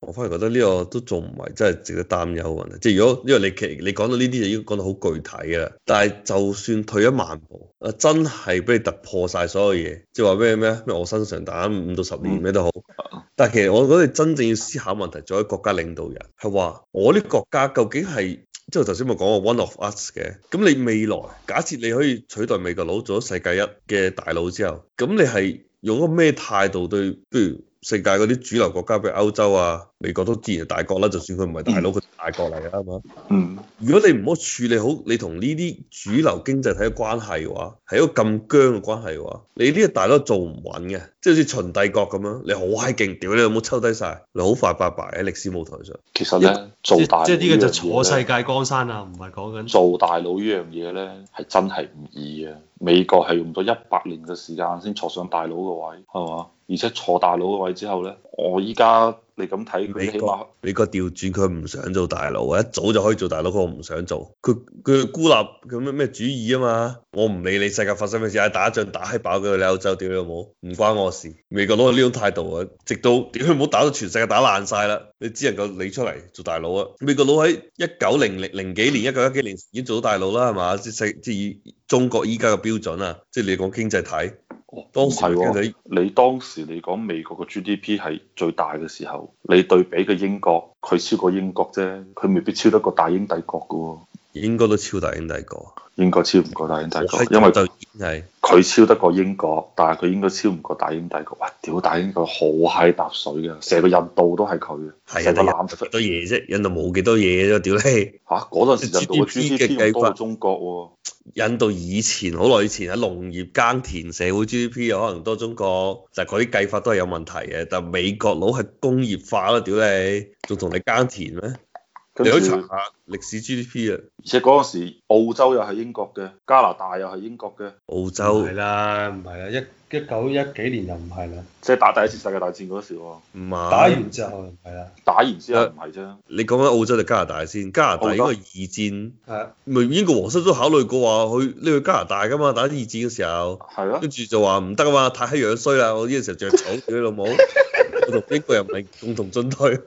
我反而覺得呢個都仲唔係真係值得擔憂啊。即係如果因為你其你講到呢啲，已經講得好具體嘅啦。但係就算退一萬步，啊真係俾你突破晒所有嘢，即係話咩咩咩，我身上打五到十年咩都好。但係其實我覺得你真正要思考問題，作為國家領導人，係話我啲國家究竟係即係頭先咪講過 one of us 嘅？咁你未來假設你可以取代美國佬做咗世界一嘅大佬之後，咁你係用一個咩態度對？譬如世界嗰啲主流國家，譬如歐洲啊、美國都自然係大國啦。就算佢唔係大佬，佢、嗯、大國嚟啊嘛。嗯，如果你唔好處理好你同呢啲主流經濟體嘅關係嘅話，係一個咁僵嘅關係嘅話，你呢個大佬做唔穩嘅，即係好似秦帝國咁樣，你好閪勁，屌你有冇抽低晒？你好快拜拜喺歷史舞台上。其實咧，為做大即係呢個就坐世界江山啊，唔係講緊做大佬呢樣嘢咧，係真係唔易啊。美國係用咗一百年嘅時間先坐上大佬嘅位，係嘛？而且坐大佬嘅位之後呢，我依家。你咁睇美國，美國調轉佢唔想做大佬啊！一早就可以做大佬，佢唔想做。佢佢孤立佢咩咩主意啊嘛！我唔理你世界發生咩事，打仗打閪爆佢，你歐洲屌你老母，唔關我事。美國佬係呢種態度啊，直到點佢唔好打到全世界打爛晒啦，你只能夠你出嚟做大佬啊！美國佬喺一九零零零幾年、一九一幾年已經做到大佬啦，係嘛？即係即係以中國依家嘅標準啊，即係你講經濟體。哦，當時係喎，你你當時嚟講美國嘅 GDP 係最大嘅時候，你對比嘅英國，佢超過英國啫，佢未必超得過大英帝國嘅喎、哦。應該都超大英帝國，應該超唔過大英帝國，的因為就係佢超得過英國，的但係佢應該超唔過大英帝國。哇，屌大英國好閪搭水嘅，成個印度都係佢嘅，成百萬多嘢啫、啊，印度冇幾多嘢啫、啊，屌你。嚇、啊，嗰陣時 GDP 嘅計法多中國喎、啊，印度以前好耐以前喺農業耕田社會 GDP 可能多中國，就係嗰啲計法都係有問題嘅，但美國佬係工業化囉，屌你，仲同你耕田咩？你可以查下歷史 GDP 啊，而且嗰陣時澳洲又係英國嘅，加拿大又係英國嘅，澳洲係啦，唔係啦，一一九一幾年又唔係啦，即係打第一次世界大戰嗰時喎，唔係打完之後係啦，打完之後唔係啫。你講緊澳洲定加拿大先？加拿大嗰個二戰，係咪英國皇室都考慮過話去呢個加拿大噶嘛？打二戰嘅時候，係咯，跟住就話唔得啊嘛，太閪樣衰啦！我呢啲時候著草料，老母我同英國又唔係共同進退。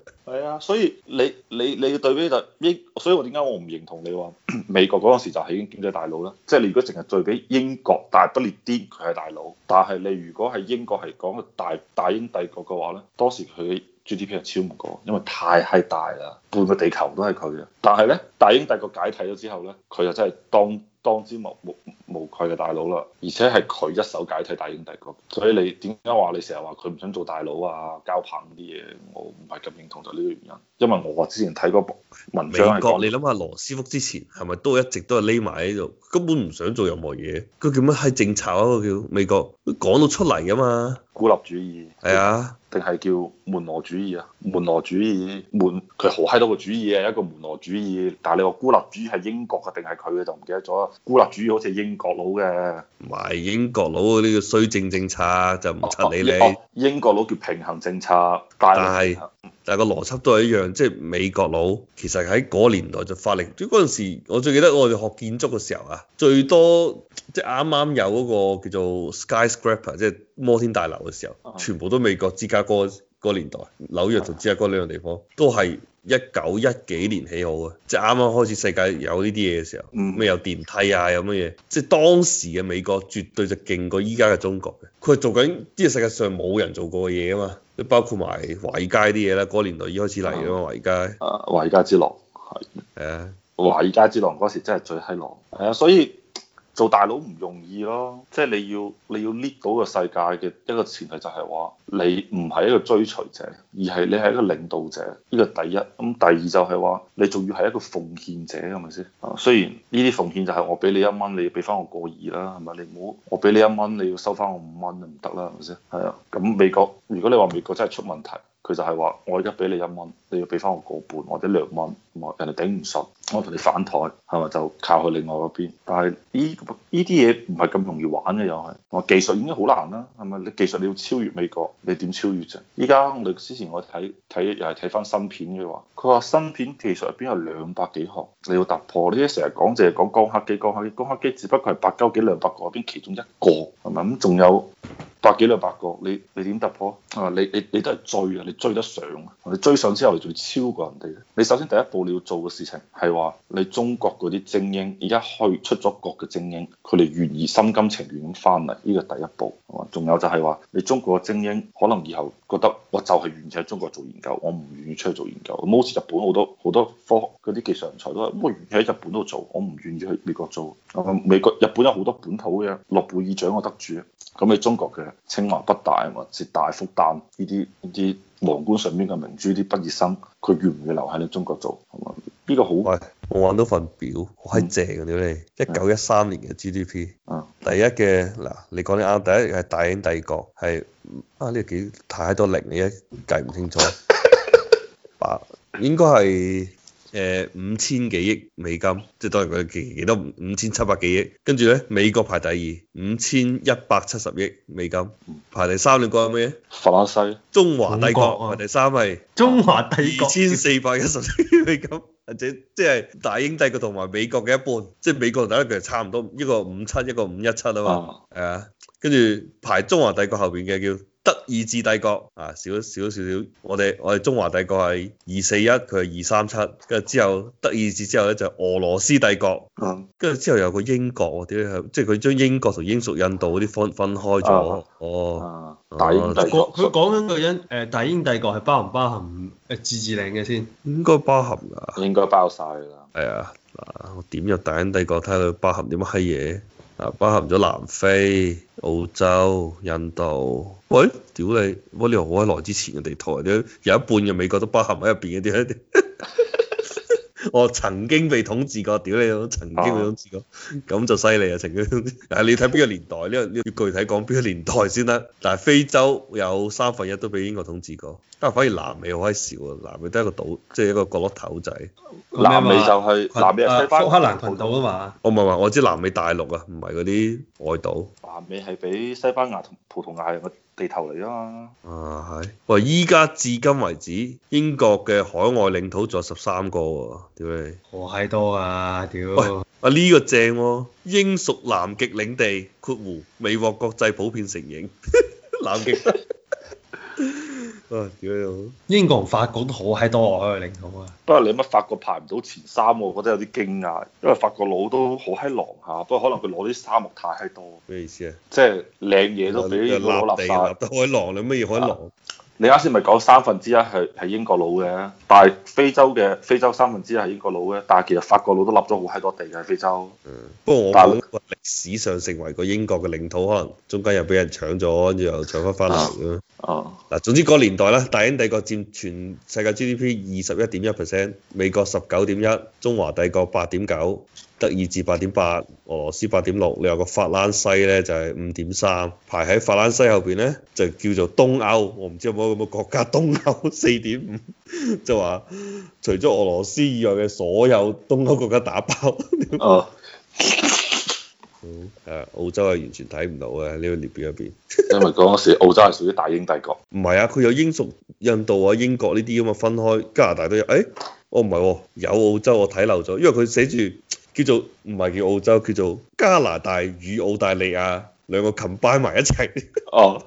所以你你你要對比就英，所以我點解我唔認同你話美國嗰陣時就係已經經濟大佬咧？即係你如果淨係對比英國，但係不列顛佢係大佬，但係你如果係英國係講個大大英帝國嘅話咧，當時佢 GDP 係超唔過，因為太係大啦，半個地球都係佢嘅。但係咧，大英帝國解體咗之後咧，佢就真係當當之無無無愧嘅大佬啦，而且係佢一手解體大英帝國。所以你點解話你成日話佢唔想做大佬啊、交棒啲嘢？我唔係咁認同就呢。因為我之前睇過部文章，美國你諗下羅斯福之前係咪都一直都係匿埋喺度，根本唔想做任何嘢。佢叫乜閪政策啊？佢叫美國，佢講到出嚟㗎嘛。孤立主義係啊，定係叫門羅主義啊？門羅主義門，佢好閪多個主義啊！一個門羅主義，但係你話孤立主義係英國嘅定係佢嘅就唔記得咗。孤立主義好似英國佬嘅，唔係英國佬呢、這個衰政政策就唔襯你你。英國佬叫平衡政策，但係但係是、嗯、個邏輯都係一樣，即係美國佬其實喺嗰年代就發力。嗰陣時我最記得我哋學建築嘅時候啊，最多即係啱啱有嗰個叫做 skyscraper，即係。摩天大樓嘅時候，啊、全部都美國芝加哥嗰年代，啊、紐約同芝加哥兩個地方，啊、都係一九一幾年起好嘅，即係啱啱開始世界有呢啲嘢嘅時候，咩、嗯、有電梯啊，有乜嘢，即係當時嘅美國絕對就勁過依家嘅中國嘅，佢係做緊啲世界上冇人做過嘅嘢啊嘛，包括埋華爾街啲嘢啦，嗰、那個、年代已經開始嚟啦嘛，華爾街，華爾、啊、街之狼，係，係啊，華爾街之狼嗰時真係最閪狼，係啊，所以。做大佬唔容易咯，即係你要你要 lead 到個世界嘅一個前提就係話你唔係一個追隨者，而係你係一個領導者，呢個第一。咁第二就係話你仲要係一個奉獻者，係咪先？雖然呢啲奉獻就係我俾你一蚊，你要俾翻我個二啦，係咪？你唔好我俾你一蚊，你要收翻我五蚊就唔得啦，係咪先？係啊，咁是的 美國如果你話美國真係出問題，佢就係話我而家俾你一蚊。你要俾翻我個半或者兩蚊，哇！人哋頂唔順，我同你反台，係咪就靠佢另外嗰邊？但係依依啲嘢唔係咁容易玩嘅，又係哇！技術已經好難啦，係咪？你技術你要超越美國，你點超越啫？依家我哋之前我睇睇，又係睇翻新片嘅話，佢話新片技術入邊有兩百幾項，你要突破呢啲，成日講淨係講光刻機，光刻機光刻機只不過係百幾兩百個入邊其中一個，係咪咁？仲有百幾兩百個，你你點突破啊？你你你都係追啊，你追得上啊？你追上之後。要超過人哋你首先第一步你要做嘅事情係話，你中國嗰啲精英而家去出咗國嘅精英，佢哋願意心甘情願咁翻嚟，呢個第一步，仲有就係話，你中國嘅精英可能以後覺得我就係願意喺中國做研究，我唔願意出去做研究。嗯、好似日本好多好多科學嗰啲技術人才都話，我願意喺日本度做，我唔願意去美國做。嗯、美國日本有好多本土嘅諾貝爾獎嘅得主，咁你中國嘅清華、北大啊嘛，是大復旦呢啲呢啲。皇冠上面嘅明珠啲畢業生，佢願唔願留喺你中國做？呢、呢個好。喂，我揾到份表，好閪正嘅屌你！一九一三年嘅 GDP，、嗯、第一嘅嗱，你講啱，第一係大英帝國係啊，呢個幾太多零你嘢計唔清楚， 應該係。誒，五千幾億美金，即係當然佢幾幾多五千七百幾億，跟住咧美國排第二，五千一百七十億美金，排第三。你講有咩？法蘭西，中華帝國排第三係中華帝國，二千四百一十億美金，或者即係大英帝國同埋美國嘅一半，即係美國第一，英帝差唔多，一個五七，一個五一七啊嘛，係，跟住排中華帝國後邊嘅叫。德意志帝國啊，少少少少，我哋我哋中華帝國係二四一，佢係二三七，跟住之後德意志之後咧就是、俄羅斯帝國，跟住、嗯、之後有個英國，我點即係佢將英國同英屬印度啲分分，分開咗。啊、哦，大英、啊，帝國佢講緊個英誒大英帝國係包唔包含誒自治領嘅先？應該包含噶，應該包晒噶。係啊、哎，我點入大英帝國睇下佢包含啲乜閪嘢？啊，包含咗南非、澳洲、印度。喂，屌你！我哋好閪耐之前嘅地圖，有一半嘅美國都包含喺入邊。嘅 我曾經被統治過，屌你都曾經被統治過，咁就犀利啊！曾經，但係你睇邊個年代呢個要具體講邊個年代先得。但係非洲有三分一都俾英國統治過，但係反而南美好閪少啊！南美得一個島，即係一個角落頭仔。南美就係南美，福克蘭群島啊嘛。我唔係話我知南美大陸啊，唔係嗰啲外島。南美係俾西班牙同葡萄牙嘅。地頭嚟啊嘛，啊係喂！依家至今為止，英國嘅海外領土仲有十三個，啊，屌你，我閪多啊，屌！啊呢、呢個正、啊，英屬南極領地括弧，未獲國際普遍承認， 南極。 啊啊、英國同法國都好閪多海外領土啊。不過、啊、你乜法國排唔到前三，我覺得有啲驚訝。因為法國佬都好閪狼下，不過可能佢攞啲沙漠太閪多。咩意思啊？即係靚嘢都俾攞地，攞得閪狼你乜嘢可狼？你啱先咪講三分之一係係英國佬嘅，但係非洲嘅非洲三分之一係英國佬嘅，但係其實法國佬都立咗好喺多地嘅非洲。嗯。不過我估歷史上成為個英國嘅領土，可能中間又俾人搶咗，跟住又搶翻翻嚟咁咯嗱，嗯嗯、總之嗰、那個、年代咧，大英帝國佔全世界 GDP 二十一點一 percent，美國十九點一，中華帝國八點九。德意志八點八，俄羅斯八點六，你話個法蘭西咧就係五點三，排喺法蘭西後邊咧就叫做東歐，我唔知有冇咁嘅國家，東歐四點五，就話除咗俄羅斯以外嘅所有東歐國家打包。哦，好，澳洲係完全睇唔到嘅呢個列表入邊， 因為嗰陣時澳洲係屬於大英帝國。唔係啊，佢有英屬印度啊、英國呢啲啊嘛，分開加拿大都有。誒、哎，我唔係有澳洲，我睇漏咗，因為佢寫住。叫做唔係叫澳洲，叫做加拿大與澳大利亞兩個 combine 埋一齊。哦，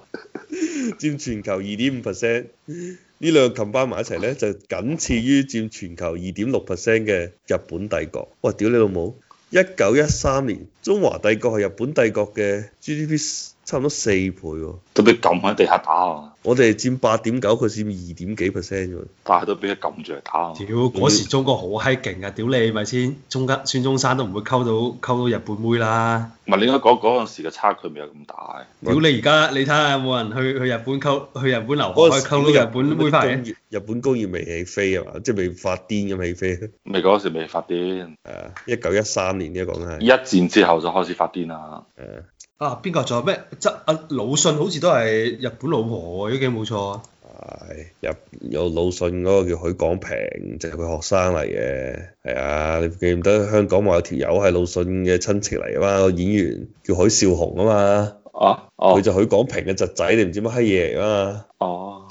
佔全球二點五 percent，呢兩個 combine 埋一齊咧，就僅次於佔全球二點六 percent 嘅日本帝國。哇！屌你老母！一九一三年，中華帝國係日本帝國嘅 GDP。差唔多四倍喎，特別撳喺地下打啊我！我哋係佔八點九，佢佔二點幾 percent 喎，但係都俾佢撳住嚟打屌，嗰時中國好閪勁啊！屌你咪先，中間孫中山都唔會溝到溝到日本妹啦！唔係你應該講嗰陣時嘅差距未有咁大？屌你而家，你睇下有冇人去去日本溝去日本留學可以溝到日本妹翻嚟，日本工業未起飛啊嘛，即係未發癲咁起飛。未嗰時未發癲。係一九一三年呢個講係。一戰之後就開始發癲啦。係、嗯。啊，邊個仲有咩？即阿魯迅好似都係日本老婆喎，呢幾冇錯啊。係、哎，日有有魯迅嗰個叫許廣平，就佢、是、學生嚟嘅。係啊，你記唔得香港話有條友係魯迅嘅親戚嚟啊？個演員叫許紹雄嘛啊嘛。啊。佢就許廣平嘅侄仔，你唔知乜閪嘢嚟啊嘛。哦。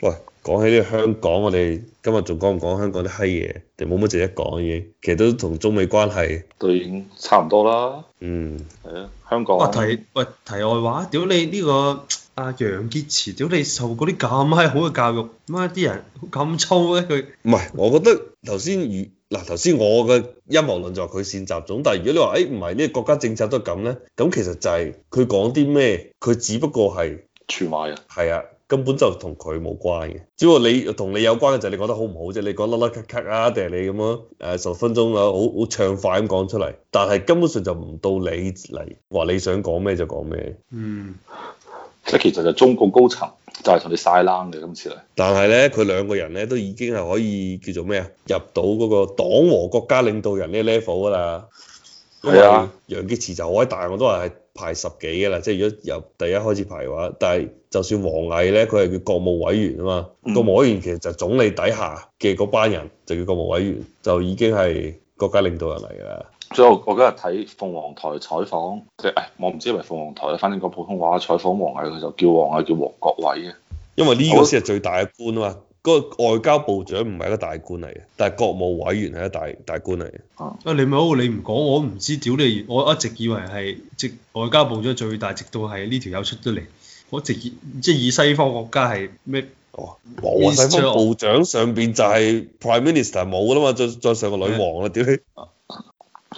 喂。講起呢香港，我哋今日仲講唔講香港啲閪嘢？就冇乜值得講嘅，已其實都同中美關係都已經差唔多啦。嗯，係啊，香港、啊。話、哦、題喂、呃、題外話，屌你呢、呢個阿、啊、楊潔篪，屌你受嗰啲咁閪好嘅教育，點解啲人咁粗咧？佢唔係，我覺得頭先如嗱頭先我嘅陰謀論就話佢善習總，但係如果你話誒唔係呢個國家政策都係咁咧，咁其實就係佢講啲咩，佢只不過係傳話啫。係啊。根本就同佢冇關嘅，只要你同你有關嘅就係你講得好唔好啫，你講甩甩咳咳啊，定係你咁咯？誒、啊，十分鐘啊，好好暢快咁講出嚟，但係根本上就唔到你嚟話你想講咩就講咩，嗯，即係其實就中共高層就係、是、同你曬冷嘅今次嚟，但係咧佢兩個人咧都已經係可以叫做咩啊，入到嗰個黨和國家領導人呢 level 噶啦，係啊的，楊潔篪就我喺但係我都係。排十幾嘅啦，即係如果由第一開始排嘅話，但係就算王毅咧，佢係叫國務委員啊嘛，國務、嗯、委員其實就總理底下嘅嗰班人就叫國務委員，嗯、就已經係國家領導人嚟㗎喇。最後我今日睇鳳凰台採訪，即係誒，我唔知係咪鳳凰台反正個普通話採訪王毅，佢就叫王毅叫黃國偉啊，因為呢個先係最大嘅官啊嘛。嗰個外交部長唔係一個大官嚟嘅，但係國務委員係一個大大官嚟嘅。啊，你咪話，你唔講我唔知，屌你！我一直以為係直外交部長最大，直到係呢條友出咗嚟，我直即係以西方國家係咩？哦，冇，西方部長上邊就係 Prime Minister，冇㗎嘛，再再上個女王啦，屌、啊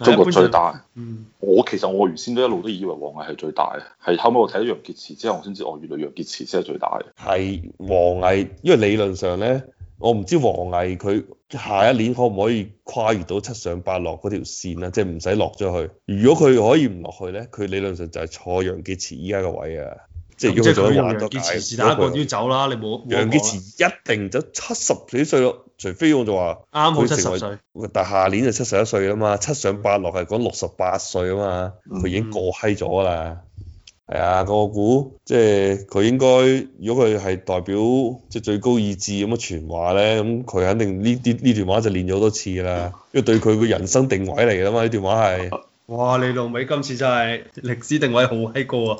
中國最大，嗯、我其實我原先都一路都以為王毅係最大，係後尾我睇咗楊潔篪之後，我先知我原嚟楊潔篪先係最大。係王毅，因為理論上咧，我唔知王毅佢下一年可唔可以跨越到七上八落嗰條線啊，即係唔使落咗去。如果佢可以唔落去咧，佢理論上就係坐楊潔篪依家個位啊。即係用咗話得解，楊潔篪是但一個都要走啦，你冇。楊潔篪一定就七十幾歲咯， 除非我就話啱好七十歲。但下年就七十一歲啊嘛，嗯、七上八落係講六十八歲啊嘛，佢、嗯、已經過閪咗啦。係、嗯、啊，我估即係佢應該，如果佢係代表即係、就是、最高意志咁嘅傳話咧，咁佢肯定呢啲呢段話就練咗好多次啦，嗯、因為對佢嘅人生定位嚟噶嘛，呢段話係。哇、嗯！你老味今次真係歷史定位好閪高啊！